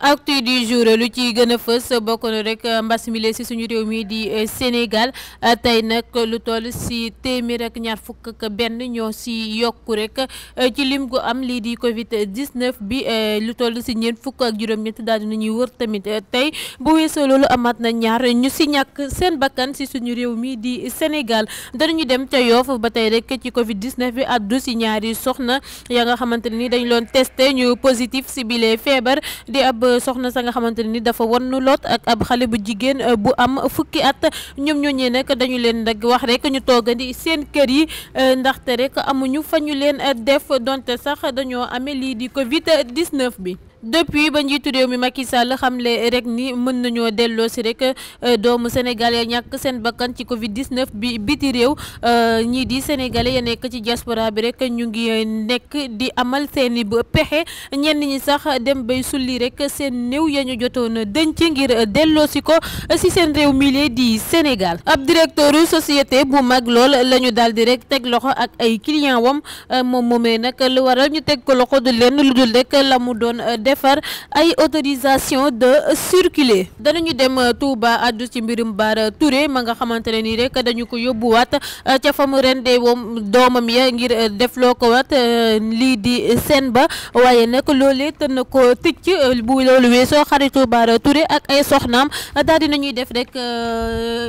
actu du jour lu ci gën a fës bokk na rek euh, mbas mi si suñu réew mii di euh, Sénégal euh, tey nag lu toll si téeméer ak ñaar fukk benn ñoo si yokku rek ci lim gu am lii di Covid 19 bi lu toll si ñeent fukk ak juróom-ñett daal dina ñuy wër tamit tey bu weesoo loolu amaat na ñaar ñu si ñàkk seen bakkan si suñu réew mii di Sénégal danañu dem ca Yoff ba tey rek ci Covid 19 bi addu si ñaari soxna ya nga xamante ne ni dañ loon testé ñu positif si bile feebar soxna sa nga xamante ne ni dafa wan loot ak ab xale bu jigéen euh, bu am fukki at ñoom ñooñee nag dañu leen nag wax rek ñu toogandi seen kër yi euh, ndaxte rek amuñu fa ñu leen euh, def donte sax dañoo amee lii di Covid 19 bi. depuis ba njiitu réew mi Macky Sall xamle rek ni mën nañoo delloo si rek euh, doomu Sénégal ya ñàkk seen bakkan ci Covid 19 bi biti réew euh, ñii di sénégalais ya nekk ci diaspora bi rek ñu ngi euh, nekk di amal seen i pexe ñenn ñi sax dem bay sulli rek seen néew ya ñu jotoon denc ngir delloo si ko si seen réew mi di Sénégal ab directeur société bu mag lool la ñu daal di rek teg loxo ak ay client wam moom moomee nag lu waral ñu teg ko loxo du leen la mu doon. defar ay autorisation de circuler ñu dem euh, Touba addu ci mbirum Bara Touré ma nga xamante ne nii rek dañu ko yóbbu yóbbuwaat euh, ca fa mu rendee woom doomam ya ngir euh, def loo ko wat lii di seen ba waaye nag loolee tën na ko tëj bu loolu weesoo xaritu Bara Touré ak ay soxnaam daal ñuy def rek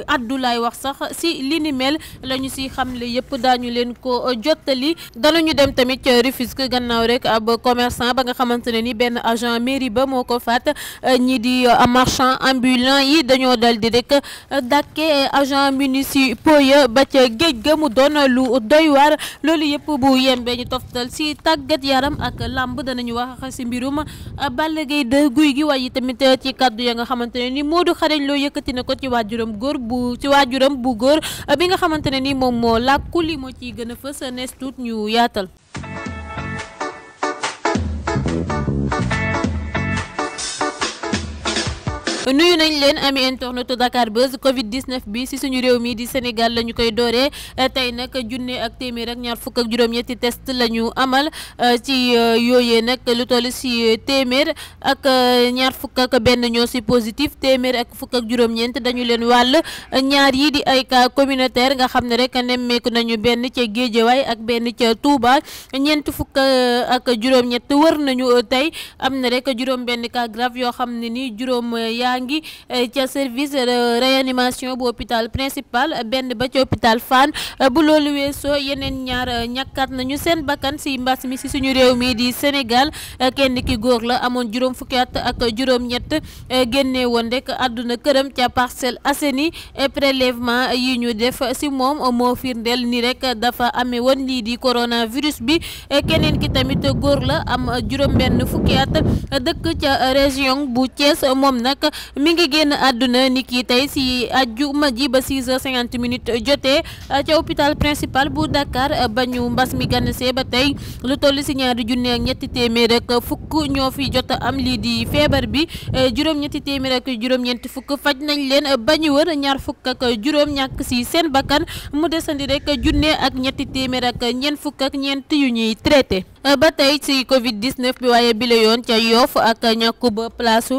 addu lay wax sax si li ni mel la ñu si xamle yëpp daañu leen ko jottali danañu dem tamit Rufisque gannaaw rek ab commerçant ba nga xamante ne benn agent mairie ba moo ko faat euh, ñi di euh, marchand ambulant yi dañoo dal di rek euh, dàkke agent municipal ya ba ca géej ga mu doon lu doy war loolu yëpp bu yembee ñu toftal si tàggat yaram ak làmb danañu wax si mbirum Balla Gaye de guy gi yi tamit ci kàddu ya nga xamante ne ni Modou Xarañ loo yëkkati na ko ci waajuram góor bu ci waajuram bu góor bi nga xamante ne ni moom moo làkku li moo ciy gën a fës ñu yaatal nuyu nañ leen ami internetu Dakar Buzz Covid 19 bi si suñu réew mi di Sénégal lañu koy dooree eh, tey nag junne ak téeméer ak ñaar fukk ak juróom test la ñu amal eh, ci eh, yooyee nag lu toll si téeméer ak ñaar fukk benn ñoo si positif téeméer ak fukk ak juróom-ñeent dañu leen wàll ñaar yi di ay cas communautaire nga xam ne rek nemmeeku nañu benn ca Géejawaay ak benn ca Touba ñeent fukk ak juróom wër nañu tey am na rek juróom benn grave yoo xam ne ni juróom yaa yaa ngi eh, ca service réanimation bu hôpital principal eh, benn ba ci hôpital Fann eh, bu loolu weesoo yeneen ñaar ñàkkaat nañu seen bakkan si mbas mi si suñu réew mi di Sénégal kenn ki góor la amoon juróom fukki at ak juróom-ñett génne woon rek àdduna këram ca Parcelles Assainies prélèvement yi ñu def si moom moo firndeel ni rek dafa ame woon lii di coronavirus bi keneen ki tamit góor la am juróom benn fukki at dëkk ca région bu Thiès moom nag mi ngi génn àdduna ni kii tey si àjjuma ji ba 6h50 minutes jotee uh, ca hôpital principal bu Dakar uh, ba ñu mbas mi ganasee ba tey lu toll si ñaari junne ak ñetti téeméer ak fukk ñoo fi jot am lii di feebar bi uh, juróom-ñetti téeméer ak juróom-ñeenti fukk faj nañ leen ba ñu wër ñaar fukk ak juróom ñàkk si seen bakkan mu desandi rek junne ak ñetti téeméer ak ñeent fukk ak ñeent yu ñuy traité. Euh, ba tey ci Covid 19 bi waaye bi yoon ca Yoff ak ñàkku ba place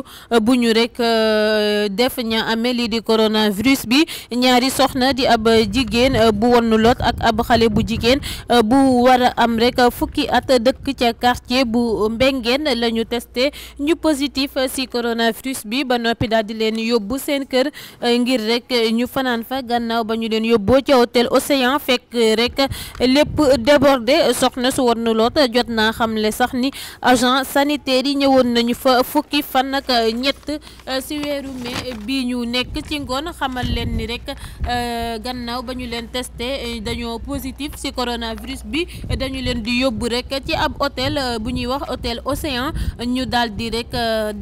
bu ñu rek euh, def ña amee lii di coronavirus bi ñaari soxna di ab jigéen euh, bu wonnu ak ab bu jigéen bu war a am rek fukki at dëkk ca quartier bu Mbengeen la ñu testé ñu positif ci coronavirus bi ba noppi daal di leen yóbbu seen kër ngir rek ñu fanaan fa gannaaw ba ñu leen yóbboo ca hôtel Océan fekk rek lépp débordé soxna su wonnu lot jot naa xamle sax ni agent sanitaire yi ñëwoon nañu fa fukki fan ak ñett euh, si weeru mai bii ñu nekk ci ngoon xamal leen ni rek euh, gannaaw ba ñu leen testé euh, dañoo positif si coronavirus bi dañu leen di yóbbu rek ci ab hôtel bu ñuy wax hôtel Océan ñu daal di rek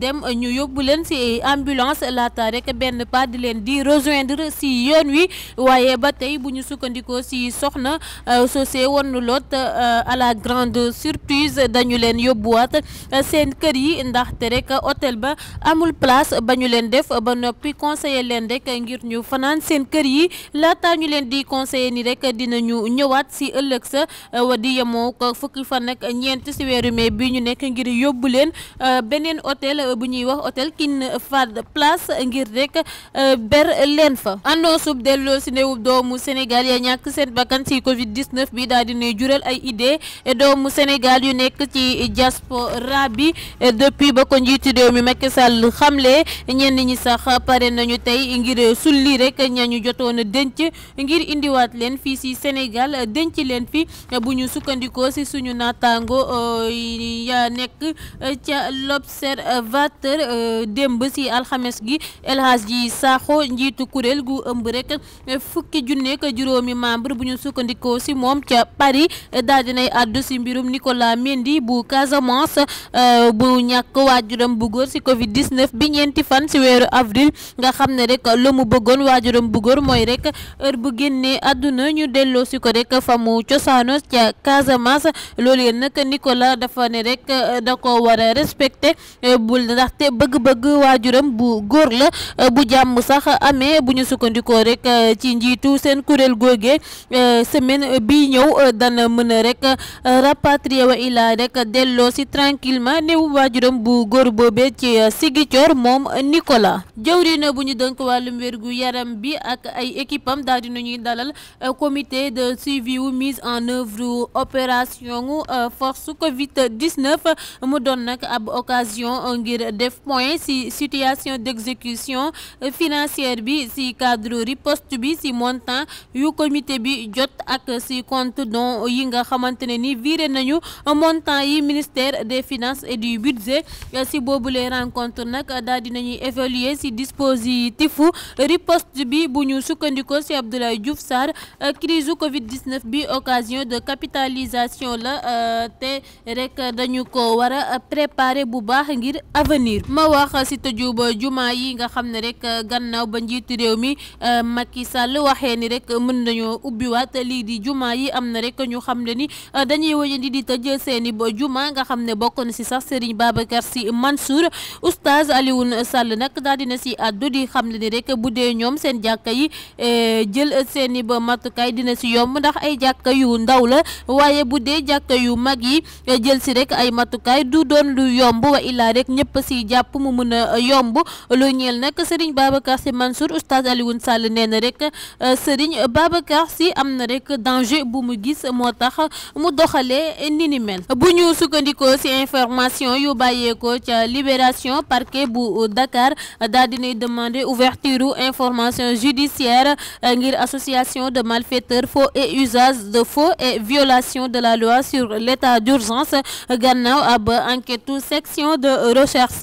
dem ñu yóbbu leen si ambulance laata rek benn pas di leen di rejoindre si yoon wi waaye ba tey bu ñu sukkandikoo si soxna sosé woon lot à la grande surprise dañu leen yóbbuwaat seen kër yi ndaxte rek hôtel ba amul place ba ñu leen def ba noppi conseiller leen rek ngir ñu fanaan seen kër yi laata ñu leen di conseiller ni rek dinañu ñëwaat si ëllëg sa di yemoo ko fukki fan nag ñeent si weeru mai bi ñu nekk ngir yóbbu leen euh, beneen hôtel bu ñuy wax hôtel King Fahd Place ngir rek euh, ber leen fa annoosub delloo si néewub doomu Sénégal ya ñàkk seen bakkan si Covid 19 bi daal nuy jural ay idée Sénégal yu nekk ci diaspora bi depuis ba ko njiitu réew mi Macky Sall xamle ñenn ñi sax pare nañu tey ngir sulli rek ñu jotoon a denc ngir indiwaat leen fii si Sénégal denc leen fi bu ñu sukkandikoo si suñu naataango euh, ya nekk ca l'observateur euh, démb si alxames gi El Hadji Sakho njiitu kuréel gu ëmb rek fukki junneek juróomi membre bu ñu sukkandikoo si moom ca Paris daal dinay àddu si mbirum Nicolas Mendy bu Casamance euh, bu ñàkk waajuram bu góor si Covid 19 bi ñeenti fan si weeru avril nga xam ne rek la mu bëggoon waajuram bu góor mooy rek heure bu génnee àdduna ñu delloo si ko rek fa mu cosaano ca Casamance loolu yéen nag Nicolas dafa ne rek euh, da ko war a respecté euh, bu ndaxte bëgg-bëgg waajuram bu góor la bu jàmm sax amee bu ñu sukkandikoo rek ci njiitu seen kuréel googee semaine bi ñëw dana mën a rapatrié illa Ila delloo si tranquillement néewu waajuram bu góor boobee ci Sigicoor moom Nicolas jëw bu ñu dënk wàllum wérgu yaram bi ak ay équipam daal di nañuy dalal euh, comité de suivi wu mise en œuvre opération euh, force Covid 19 mu doon nag ab occasion euh, ngir def point si situation d'exécution financière bi si cadre riposte bi si montant yu comité bi jot ak si compte don yi nga xamante ne ni viré nañu montant yi ministère des finances et du budget euh, si boobu les rencontre nag daal dinañuy évaluer si dispositifu riposte bi bu ñu sukkandikoo si Abdoulaye Diouf Sarr euh, crise Covid 19 bi occasion de capitalisation la euh, te rek dañu ko war a préparer bu baax ngir avenir ma wax si tëjub jumaa yi nga xam ne rek gannaaw ba njiit réew mi Macky Sall waxee ni rek mën nañoo ubbiwaat lii di jumaa yi am na rek ñu xam ne ni dañuy wëjandi di tëj seeni ba juma nga xam ne bokk na si sax Serigne Babacar Sy Mansour oustaz Alioune Sall nag daal dina si àddu di xam le ni rek bu dee ñoom seen jàkka yi e, jël seeni ba matukaay dina si yomb ndax ay jàkka yu ndaw la waaye bu dee jàkka yu mag yi e, jël si rek ay matukaay du doon lu yomb wa rek ñëpp si jàpp mu mën a yomb lu ñeel nag Serigne Babacar Sy Mansour oustaz Alioune Sall nee na rek e, Serigne Babacar Sy am na rek danger bu mu gis moo tax mu doxalee ni ni mel bu ñu sukkandikoo ci information yu bàyyeekoo ca libération parquet bu Dakar daal dinay demander ouverture information judiciaire euh, ngir association de malfaiteurs faux et usage de faux et violation de la loi sur l'état d'urgence euh, gannaaw ab enquête section de recherche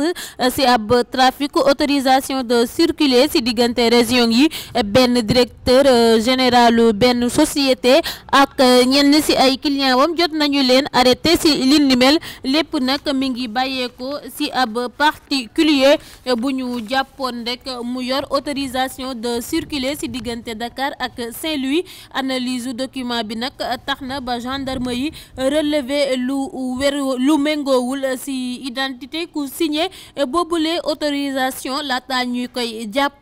si euh, ab trafic autorisation de circuler si diggante région yi benn directeur général benn société ak ñenn si ay client wam jot nañu leen leen arrêté si li lépp nag mi ngi bàyyeekoo si ab particulier bu ñu jàppoon rek mu yor autorisation de circuler si diggante Dakar ak Saint-Louis analyse document bi nag tax na ba gendarme yi relevé lu wér lu méngoowul si identité ku signe boobule autorisation laata ñu koy jàpp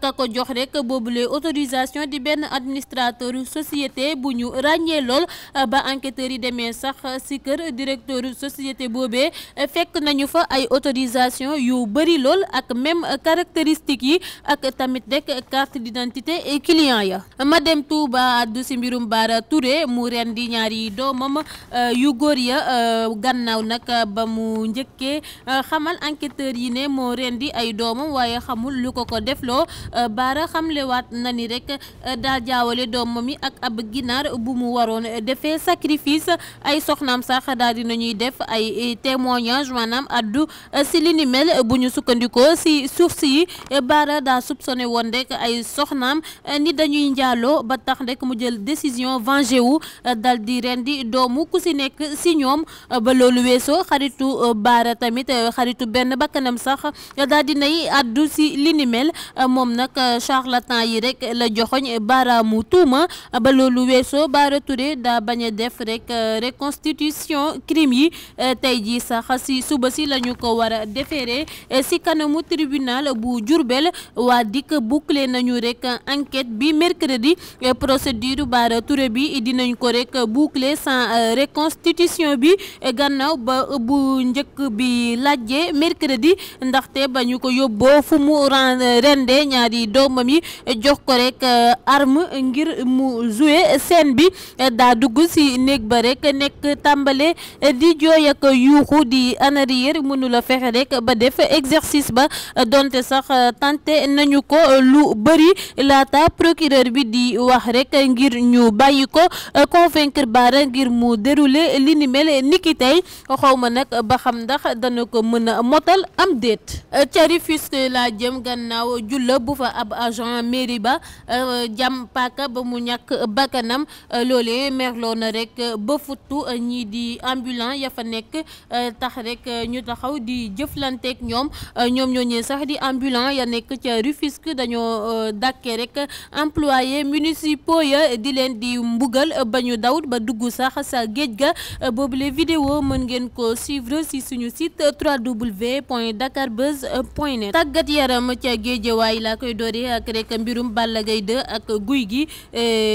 ka ko jox rek boobule autorisation di benn administrateur société bu ñu ràññee lool ba enquêteurs yi sax sax si kër directeur société boobee fekk nañu fa ay autorisation yu bëri lool ak même caractéristiques yi ak tamit rek carte d'identité et client ya ma dem Touba addu si mbirum Bara Touré mu ren di ñaari doomam euh, yu góor ya euh, gannaaw nag ba mu njëkkee euh, xamal enquêteur yi ne moo ren ay doomam waaye xamul lu ko ko defloo Bara xamlewaat na ni rek daa jaawale doomam yi ak ab ginaar bu mu waroon defee sacrifice ay soxnaam sax daal di nañuy def ay témoignage maanaam addu euh, si li bu ñu sukkandikoo si source yi euh, baara daa soupçonné woon rek ay soxnaam euh, ni dañuy njaaloo ba tax rek mu jël décision vengé wu dal di rendi doomu ku si nekk si ñoom ba loolu weesoo xaritu baara tamit xaritu benn bakkanam sax daal di nay addu si li moom mel moom nag charlatan yi rek la joxoñ baaraamu tuuma ba loolu weesoo baara Touré daa bañ a def rek réconciliation reconstitution crime yi euh, tey jii sax si suba si lañu ko war a déféré euh, si kanamu tribunal bu jurbel waa dikk bouclé nañu rek enquête bi mercredi euh, procédure Bara Touré bi dinañ ko rek bouclé sans reconstitution bi gannaaw ba bu njëkk bi laajee mercredi ndaxte ba ñu ko yóbboo fu mu rende ñaari doomam yi jox ko rek arme ngir mu jouer scène bi daa dugg si néeg ba rek nekk rek tàmbale di jooy ak yuuxu di anarier mënula fexe rek ba def exercice ba donte sax tenté nañu ko lu bëri laata procureur bi di wax rek ngir ñu bàyyi ko convaincre Bara ngir mu dérouler li ni mel niki tey xaw ma nag ba xam ndax dana ko mën a motal am déet cari Rufisque la jëm gannaaw julla bu fa ab agent mairie ba euh, jam paaka ba mu ñàkk bakkanam euh, loolee merloo na rek ba futtu ñii di ambulant ya fa nekk euh, tax rek euh, ñu taxaw di jëflanteeg ñoom euh, ñoom ñooñee sax di ambulant ya nekk ca Rufisque dañoo dàkkee rek employé municipaux ya di leen di mbugal ba ñu daw ba dugg sax sa géej ga boobule vidéo mën ngeen ko suivre si suñu site www point dakarbuzz point net tàggat yaram ca géejewaay laa koy dooree ak rek mbirum Balla Gaye 2 ak guy gi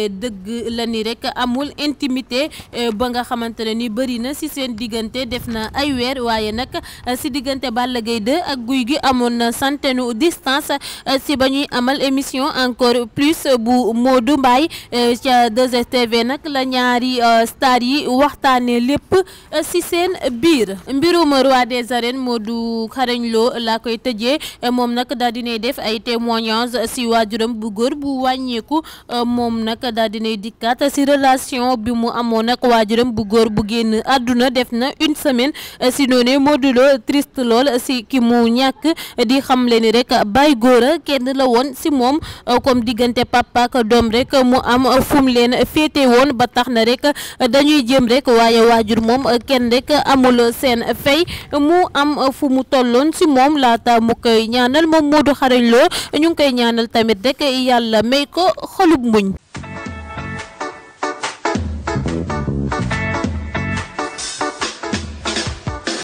dëgg la ni rek amul intimité ba nga xamante xamante ne ni na si seen diggante def na ay weer waaye nag eh, si diggante Balla Gaye ak guy gi amoon na centaine distance eh, si ba ñuy amal émission encore plus bu Modou Mbaye eh, ca 2STV nag la ñaari star yi waxtaanee lépp si seen biir mbirum roi des arènes Modou Xarañ Lo laa koy tëjee moom nag daal nay def ay témoignage si waajuram bu góor bu wàññeeku moom nag daal dinay dikkaat si relation bi mu amoon ak waajuram bu góor góor bu génn àdduna def na une semaine euh, si noone Modou Lo triste lool si ki mu ñàkk euh, di xam le ni rek bay góora kenn la woon si moom euh, comme diggante papa doom rek mu am fum leen féete woon ba tax na rek dañuy jëm rek waaye waajur moom kenn rek amul seen fay mu am fu mu tolloon si moom laata mu koy ñaanal moom Modou Xarañ Lo ñu ngi koy ñaanal tamit rek yàlla may ko xolub muñ